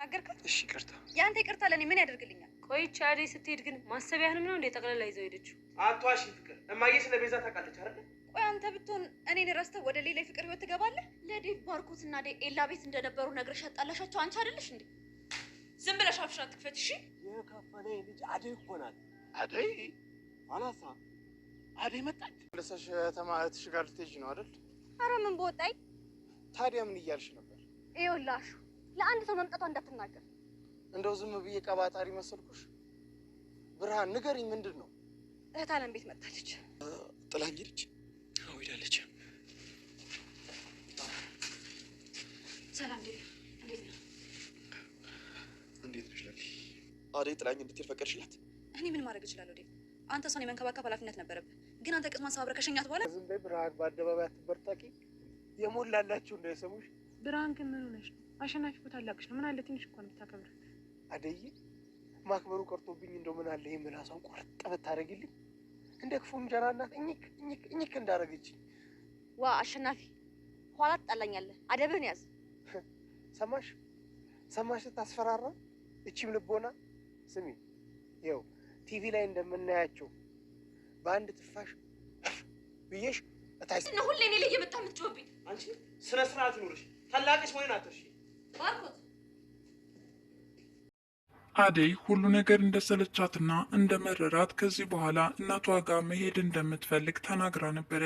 ተናገርካት? እሺ ይቅርታ። ያንተ ይቅርታ ለእኔ ምን ያደርግልኛል? ቆይቼ አደይ ስትሄድ ግን ማሰቢያህንም ነው እንዴ ጠቅላላ ይዘው ሄደችው? አቷሽ ፍቅር እማዬ ስለ ቤዛ ታውቃለች አይደል? ቆይ አንተ ብትሆን እኔን ረስተህ ወደ ሌላ የፍቅር ህይወት ትገባለህ? ለዴቭ ባርኮት እና ኤላ ቤት እንደነበሩ ነግረሽ ያጣላሻቸው አንቺ አይደለሽ እንዴ? ዝም ብለሽ አፍሽን አትክፈት እሺ። የከፈለ ልጅ አደይ እኮ አደይ አላሳ አደይ መጣች። ለሰሽ ተማትሽ ጋር ልትሄጂ ነው አይደል? አረ ምን በወጣኝ። ታዲያ ምን እያልሽ ነበር? ይኸውልሽ ለአንድ ሰው መምጣቷ እንዳትናገር። እንደው ዝም ብዬ ቀባጣሪ መሰልኩሽ? ብርሃን ንገሪኝ፣ ምንድን ነው? እህት አለም ቤት መጣለች። ጥላኝ ሄደች። አዎ ሄዳለች። ሰላም እንዴት እንዴት ነሽ? ላሊ አደይ ጥላኝ እንድትሄድ ፈቀድሽላት? እኔ ምን ማድረግ እችላለሁ? ዴ አንተ እሷን የመንከባከብ ኃላፊነት ነበረብህ፣ ግን አንተ ቅስማን ሰባብረህ ከሸኛት በኋላ ዝም በይ ብርሃን። በአደባባይ አትበርታቂ፣ የሞላላችሁ እንዳይሰሙሽ። ብርሃን ግን ምን ሆነሽ ነው? አሸናፊ እኮ ታላቅሽ ነው። ምን አለ ትንሽ እንኳን ብታከብር። አደይ ማክበሩ ቀርቶብኝ እንደው ምን አለ ይህ ምላሷን ቆርጥ ብታደርግልኝ እንደ ክፉ እንጀራ እናት እኝክ እኝክ እኝክ እንዳደረገች። ዋ አሸናፊ ኋላ ትጣላኛለህ። አደብህን ያዝ። ሰማሽ ሰማሽ፣ ስታስፈራራ እቺም ልቦና። ስሚ ይኸው ቲቪ ላይ እንደምናያቸው በአንድ ትፋሽ ብዬሽ እታይስ ነው። ሁሌ እኔ ላይ እየመጣ የምትጮህብኝ አንቺ። ስነ ስርዓት ኑርሽ ታላቅሽ ወይን አትርሽ አደይ ሁሉ ነገር እንደሰለቻትና እንደ መረራት ከዚህ በኋላ እናቷ ጋር መሄድ እንደምትፈልግ ተናግራ ነበረ።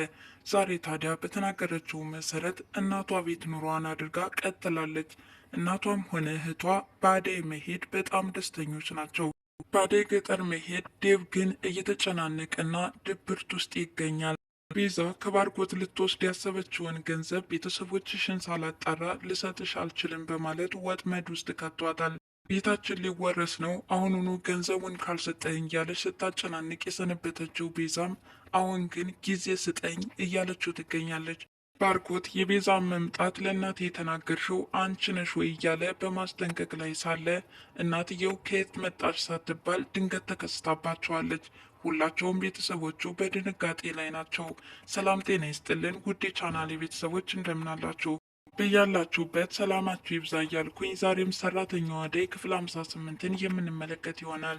ዛሬ ታዲያ በተናገረችው መሰረት እናቷ ቤት ኑሯን አድርጋ ቀጥላለች። እናቷም ሆነ እህቷ በአደይ መሄድ በጣም ደስተኞች ናቸው። በአደይ ገጠር መሄድ ዴቭ ግን እየተጨናነቀና ድብርት ውስጥ ይገኛል። ቤዛ ከባርኮት ልትወስድ ያሰበችውን ገንዘብ ቤተሰቦችሽን ሳላጣራ ልሰጥሽ አልችልም በማለት ወጥመድ ውስጥ ከቷታል። ቤታችን ሊወረስ ነው፣ አሁኑኑ ገንዘቡን ካልሰጠኝ እያለች ስታጨናንቅ የሰነበተችው ቤዛም አሁን ግን ጊዜ ስጠኝ እያለችው ትገኛለች። ባርኮት የቤዛን መምጣት ለእናት የተናገርሽው አንቺ ነሽ ወይ እያለ በማስጠንቀቅ ላይ ሳለ እናትየው ከየት መጣች ሳትባል ድንገት ተከስታባቸዋለች። ሁላቸውም ቤተሰቦቹ በድንጋጤ ላይ ናቸው። ሰላም ጤና ይስጥልን ውድ ቻናሌ ቤተሰቦች እንደምናላችሁ በያላችሁበት ሰላማችሁ ይብዛ እያልኩኝ ዛሬም ሰራተኛዋ አደይ ክፍል ሃምሳ ስምንትን የምንመለከት ይሆናል።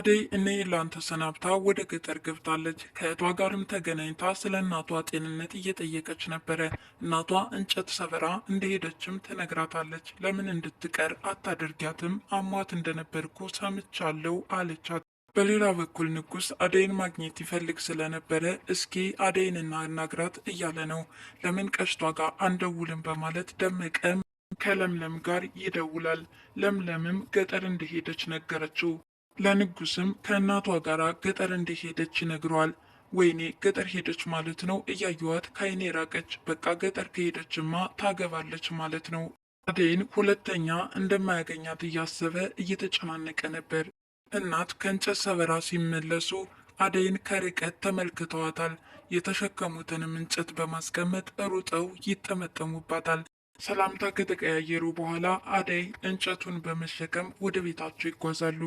አደይ እነ ኤላን ተሰናብታ ወደ ገጠር ገብታለች። ከእቷ ጋርም ተገናኝታ ስለ እናቷ ጤንነት እየጠየቀች ነበረ። እናቷ እንጨት ሰበራ እንደሄደችም ትነግራታለች። ለምን እንድትቀር አታደርጊያትም? አሟት እንደነበርኩ ሰምቻለሁ አለቻት። በሌላ በኩል ንጉስ አደይን ማግኘት ይፈልግ ስለነበረ እስኪ አደይን እናናግራት እያለ ነው። ለምን ቀሽቷ ጋር አንደውልም በማለት ደመቀም ከለምለም ጋር ይደውላል። ለምለምም ገጠር እንደሄደች ነገረችው። ለንጉስም ከእናቷ ጋር ገጠር እንደሄደች ይነግረዋል። ወይኔ ገጠር ሄደች ማለት ነው፣ እያየዋት ከአይኔ ራቀች። በቃ ገጠር ከሄደችማ ታገባለች ማለት ነው። አደይን ሁለተኛ እንደማያገኛት እያሰበ እየተጨናነቀ ነበር። እናት ከእንጨት ሰበራ ሲመለሱ አደይን ከርቀት ተመልክተዋታል። የተሸከሙትንም እንጨት በማስቀመጥ ሩጠው ይጠመጠሙባታል። ሰላምታ ከተቀያየሩ በኋላ አደይ እንጨቱን በመሸከም ወደ ቤታቸው ይጓዛሉ።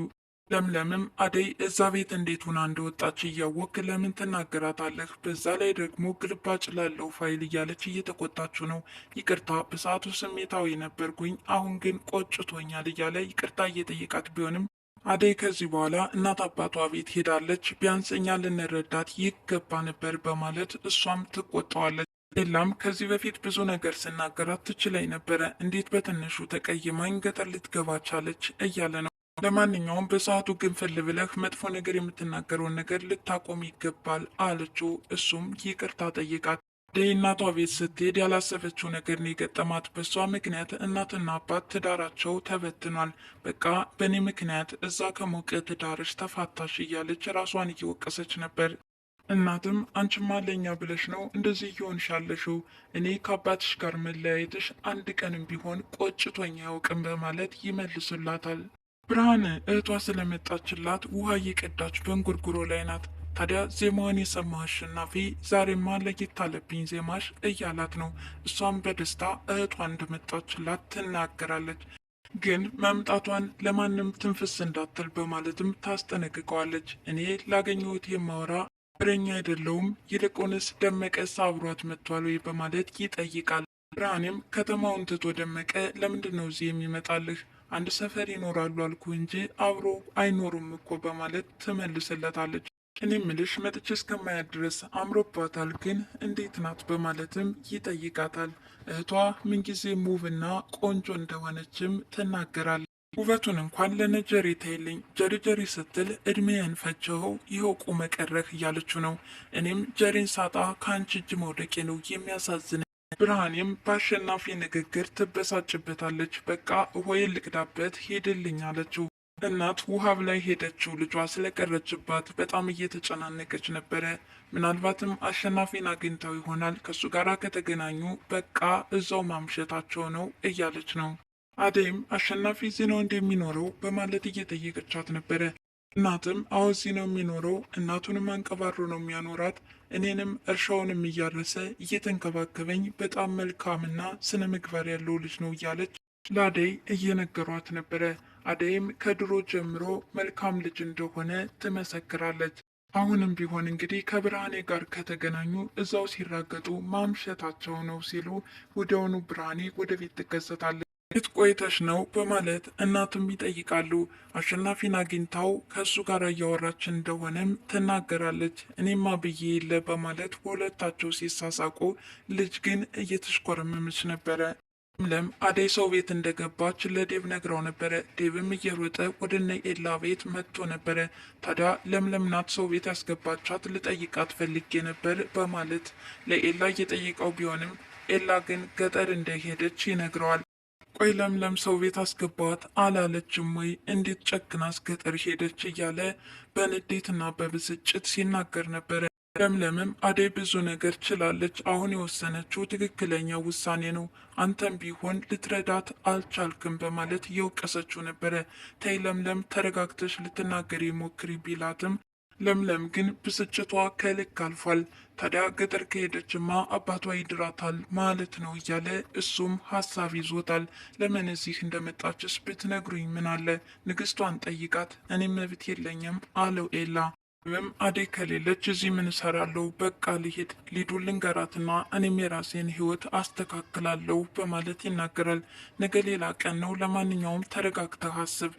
ለምለምም አደይ እዛ ቤት እንዴት ሆና እንደወጣች እያወቅ ለምን ትናገራታለህ? በዛ ላይ ደግሞ ግልባጭ ላለው ፋይል እያለች እየተቆጣችው ነው። ይቅርታ በሰዓቱ ስሜታዊ ነበርኩኝ፣ አሁን ግን ቆጭቶኛል እያለ ይቅርታ እየጠየቃት ቢሆንም አደይ ከዚህ በኋላ እናት አባቷ ቤት ሄዳለች፣ ቢያንስ እኛ ልንረዳት ይገባ ነበር በማለት እሷም ትቆጣዋለች። ሌላም ከዚህ በፊት ብዙ ነገር ስናገራት ትችላይ ነበረ፣ እንዴት በትንሹ ተቀይማኝ ገጠር ልትገባ ቻለች እያለ ነው። ለማንኛውም በሰዓቱ ግንፍል ብለህ መጥፎ ነገር የምትናገረውን ነገር ልታቆም ይገባል አለችው። እሱም ይቅርታ ጠይቃት እናቷ ቤት ስትሄድ ያላሰበችው ነገር ነው የገጠማት። በእሷ ምክንያት እናትና አባት ትዳራቸው ተበትኗል። በቃ በእኔ ምክንያት እዛ ከሞቀ ትዳርሽ ተፋታሽ እያለች ራሷን እየወቀሰች ነበር። እናትም አንቺማ ለኛ ብለሽ ነው እንደዚህ እየሆንሽ ያለሽው፣ እኔ ከአባትሽ ጋር መለያየትሽ አንድ ቀንም ቢሆን ቆጭቶኝ አያውቅም በማለት ይመልሱላታል። ብርሃን እህቷ ስለመጣችላት ውሃ እየቀዳች በእንጉርጉሮ ላይ ናት። ታዲያ ዜማዋን የሰማ አሸናፊ ዛሬማ ለጌት አለብኝ ዜማሽ እያላት ነው። እሷም በደስታ እህቷ እንደመጣችላት ትናገራለች። ግን መምጣቷን ለማንም ትንፍስ እንዳትል በማለትም ታስጠነቅቀዋለች። እኔ ላገኘሁት የማወራ ብረኛ አይደለውም፣ ይልቁንስ ደመቀስ አብሯት መጥቷል ወይ በማለት ይጠይቃል። ብርሃኔም ከተማውን ትቶ ደመቀ ለምንድን ነው እዚህ የሚመጣልህ? አንድ ሰፈር ይኖራሉ አልኩ እንጂ አብሮ አይኖሩም እኮ በማለት ትመልስለታለች። እኔ ምልሽ መጥቼ እስከማያት ድረስ አምሮባታል፣ ግን እንዴት ናት በማለትም ይጠይቃታል። እህቷ ምንጊዜ ውብና ቆንጆ እንደሆነችም ትናገራል። ውበቱን እንኳን ለነጀሪ ታይልኝ ጀሪጀሪ ስትል እድሜን ፈጀው ይኸው ቁመ ቀረህ እያለችው ነው። እኔም ጀሪን ሳጣ ከአንቺ እጅ መውደቄ ነው የሚያሳዝነ ብርሃኔም በአሸናፊ ንግግር ትበሳጭበታለች። በቃ ሆይ ልቅዳበት ሄድልኝ አለችው። እናት ውሃ ብላይ ሄደችው ልጇ ስለቀረችባት በጣም እየተጨናነቀች ነበረ። ምናልባትም አሸናፊን አግኝተው ይሆናል ከእሱ ጋር ከተገናኙ በቃ እዛው ማምሸታቸው ነው እያለች ነው። አደይም አሸናፊ እዚህ ነው እንደሚኖረው በማለት እየጠየቀቻት ነበረ። እናትም አዎ እዚህ ነው የሚኖረው፣ እናቱንም አንቀባሮ ነው የሚያኖራት፣ እኔንም እርሻውንም እያረሰ እየተንከባከበኝ በጣም መልካምና ስነ ምግባር ያለው ልጅ ነው እያለች ለአደይ እየነገሯት ነበረ። አደይም ከድሮ ጀምሮ መልካም ልጅ እንደሆነ ትመሰክራለች። አሁንም ቢሆን እንግዲህ ከብርሃኔ ጋር ከተገናኙ እዛው ሲራገጡ ማምሸታቸው ነው ሲሉ ወዲያውኑ ብርሃኔ ወደ ቤት ትከሰታለች። የት ቆይተሽ ነው በማለት እናቱም ይጠይቃሉ። አሸናፊን አግኝታው ከእሱ ጋር እያወራች እንደሆነም ትናገራለች። እኔማ ብዬ የለ በማለት በሁለታቸው ሲሳሳቁ ልጅ ግን እየተሽኮረመመች ነበረ። ለም አደይ ሰው ቤት እንደገባች ለዴብ ነግረው ነበረ። ዴብም እየሮጠ ወደ እነ ኤላ ቤት መጥቶ ነበረ። ታዲያ ለምለም ናት ሰው ቤት ያስገባቻት ልጠይቃት ፈልጌ ነበር በማለት ለኤላ እየጠየቀው ቢሆንም ኤላ ግን ገጠር እንደሄደች ይነግረዋል። ቆይ ለምለም ሰው ቤት አስገባት አላለችም ወይ? እንዴት ጨክናስ ገጠር ሄደች? እያለ በንዴትና በብስጭት ሲናገር ነበረ። ለምለምም አደይ ብዙ ነገር ችላለች። አሁን የወሰነችው ትክክለኛ ውሳኔ ነው። አንተም ቢሆን ልትረዳት አልቻልክም በማለት እየወቀሰችው ነበረ። ተይ ለምለም ተረጋግተሽ ልትናገር ሞክሪ ቢላትም ለምለም ግን ብስጭቷ ከልክ አልፏል። ታዲያ ገጠር ከሄደችማ አባቷ ይድራታል ማለት ነው እያለ እሱም ሀሳብ ይዞታል። ለምን እዚህ እንደመጣችስ ብትነግሩኝ ምን አለ? ንግስቷን ጠይቃት፣ እኔም መብት የለኝም አለው ኤላ። ወይም አዴ ከሌለች እዚህ ምን እሰራለሁ? በቃ ልሄድ፣ ሊዱ ልንገራትና እኔም የራሴን ህይወት አስተካክላለሁ በማለት ይናገራል። ነገ ሌላ ቀን ነው፣ ለማንኛውም ተረጋግተህ አስብ።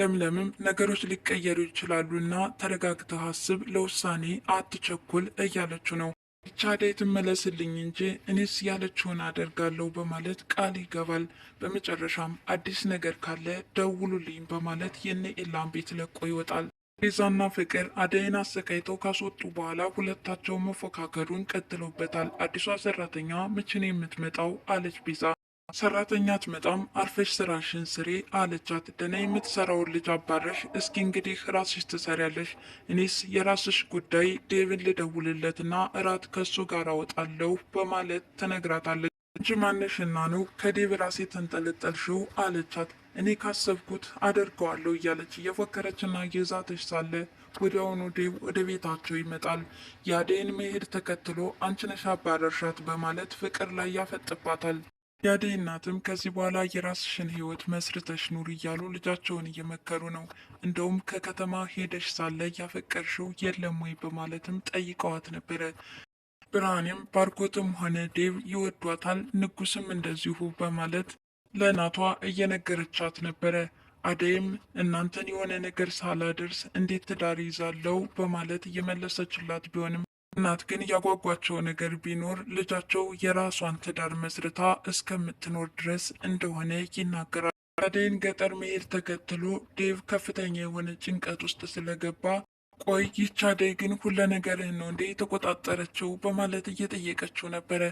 ለምለምም ነገሮች ሊቀየሩ ይችላሉና ተረጋግተህ አስብ፣ ለውሳኔ አትቸኩል እያለችው ነው። ብቻ አደይ ትመለስልኝ እንጂ እኔስ ያለችውን አደርጋለሁ በማለት ቃል ይገባል። በመጨረሻም አዲስ ነገር ካለ ደውሉልኝ በማለት የነ ኤላን ቤት ለቆ ይወጣል። ቤዛና ፍቅር አደይን አሰቃይተው ካስወጡ በኋላ ሁለታቸው መፎካከሩን ቀጥሎበታል። አዲሷ ሰራተኛ መቼ ነው የምትመጣው? አለች ቤዛ። ሰራተኛ አትመጣም፣ አርፈሽ ስራሽን ስሪ አለቻት። ደህና የምትሰራውን ልጅ አባረሽ፣ እስኪ እንግዲህ ራስሽ ትሰሪያለሽ፣ እኔስ የራስሽ ጉዳይ፣ ዴብን ልደውልለትና እራት ከሱ ጋር አወጣለሁ በማለት ትነግራታለች። እጅ ማነሽና ነው ከዴብ ራሴ ተንጠለጠልሽው? አለቻት እኔ ካሰብኩት አደርገዋለሁ እያለች እየፎከረችና እየዛተች ሳለ ወዲያውኑ ዴቭ ወደ ቤታቸው ይመጣል። የአደይን መሄድ ተከትሎ አንቺ ነሽ አባረርሻት በማለት ፍቅር ላይ ያፈጥባታል። የአደይ እናትም ከዚህ በኋላ የራስሽን ህይወት መስርተሽ ኑር እያሉ ልጃቸውን እየመከሩ ነው። እንደውም ከከተማ ሄደሽ ሳለ ያፈቀርሽው የለም ወይ በማለትም ጠይቀዋት ነበረ። ብርሃኔም ባርኮትም ሆነ ዴቭ ይወዷታል፣ ንጉስም እንደዚሁ በማለት ለእናቷ እየነገረቻት ነበረ። አደይም እናንተን የሆነ ነገር ሳላደርስ እንዴት ትዳር ይዛለው በማለት እየመለሰችላት ቢሆንም እናት ግን ያጓጓቸው ነገር ቢኖር ልጃቸው የራሷን ትዳር መስርታ እስከምትኖር ድረስ እንደሆነ ይናገራል። አደይን ገጠር መሄድ ተከትሎ ዴቭ ከፍተኛ የሆነ ጭንቀት ውስጥ ስለገባ ቆይ ይቻ አደይ ግን ሁለ ነገርህን ነው እንዴ የተቆጣጠረችው በማለት እየጠየቀችው ነበረ።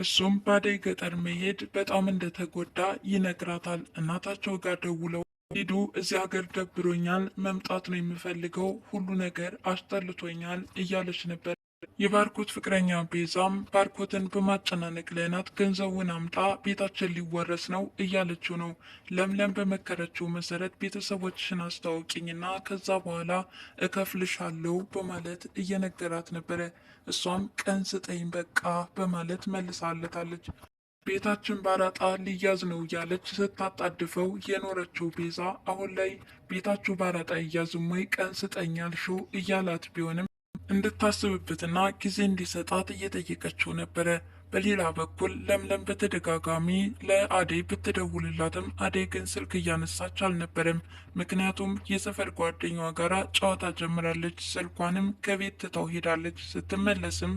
እሱም ባደይ ገጠር መሄድ በጣም እንደተጎዳ ይነግራታል። እናታቸው ጋር ደውለው ሂዱ፣ እዚህ ሀገር ደብሮኛል፣ መምጣት ነው የምፈልገው፣ ሁሉ ነገር አስጠልቶኛል እያለች ነበር። የባርኮት ፍቅረኛ ቤዛም ባርኮትን በማጨናነቅ ላይ ናት። ገንዘቡን አምጣ ቤታችን ሊወረስ ነው እያለችው ነው። ለምለም በመከረችው መሰረት ቤተሰቦችሽን አስታውቂኝና ከዛ በኋላ እከፍልሻለሁ በማለት እየነገራት ነበረ። እሷም ቀን ስጠኝ በቃ በማለት መልሳለታለች። ቤታችን ባራጣ ሊያዝ ነው እያለች ስታጣድፈው የኖረችው ቤዛ አሁን ላይ ቤታችሁ ባራጣ ይያዝም ወይ ቀን ስጠኝ አልሽው እያላት ቢሆንም እንድታስብበትና ጊዜ እንዲሰጣት እየጠየቀችው ነበረ። በሌላ በኩል ለምለም በተደጋጋሚ ለአዴ ብትደውልላትም አዴ ግን ስልክ እያነሳች አልነበረም። ምክንያቱም የሰፈር ጓደኛዋ ጋር ጨዋታ ጀምራለች። ስልኳንም ከቤት ትታው ሄዳለች። ስትመለስም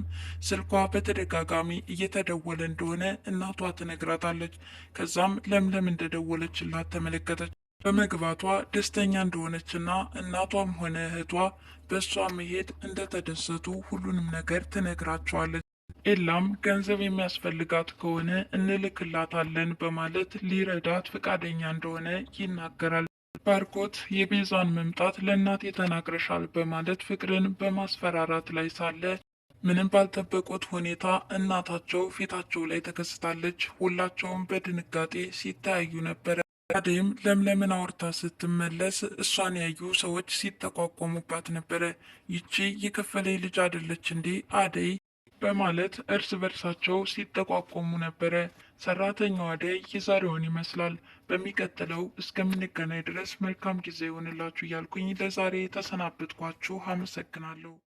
ስልኳ በተደጋጋሚ እየተደወለ እንደሆነ እናቷ ትነግራታለች። ከዛም ለምለም እንደደወለችላት ተመለከተች። በመግባቷ ደስተኛ እንደሆነችና እናቷም ሆነ እህቷ በእሷ መሄድ እንደተደሰቱ ሁሉንም ነገር ትነግራቸዋለች። ኤላም ገንዘብ የሚያስፈልጋት ከሆነ እንልክላታለን በማለት ሊረዳት ፈቃደኛ እንደሆነ ይናገራል። ባርኮት የቤዛን መምጣት ለእናቴ ተናግረሻል በማለት ፍቅርን በማስፈራራት ላይ ሳለ ምንም ባልጠበቁት ሁኔታ እናታቸው ፊታቸው ላይ ተከስታለች። ሁላቸውም በድንጋጤ ሲተያዩ ነበረ። አደይም ለምለምን አውርታ ስትመለስ እሷን ያዩ ሰዎች ሲጠቋቆሙባት ነበረ። ይቺ የከፈለኝ ልጅ አይደለች እንዴ አደይ በማለት እርስ በርሳቸው ሲጠቋቆሙ ነበረ። ሰራተኛው አደይ የዛሬውን ይመስላል። በሚቀጥለው እስከምንገናኝ ድረስ መልካም ጊዜ ይሆንላችሁ እያልኩኝ ለዛሬ ተሰናበትኳችሁ። አመሰግናለሁ።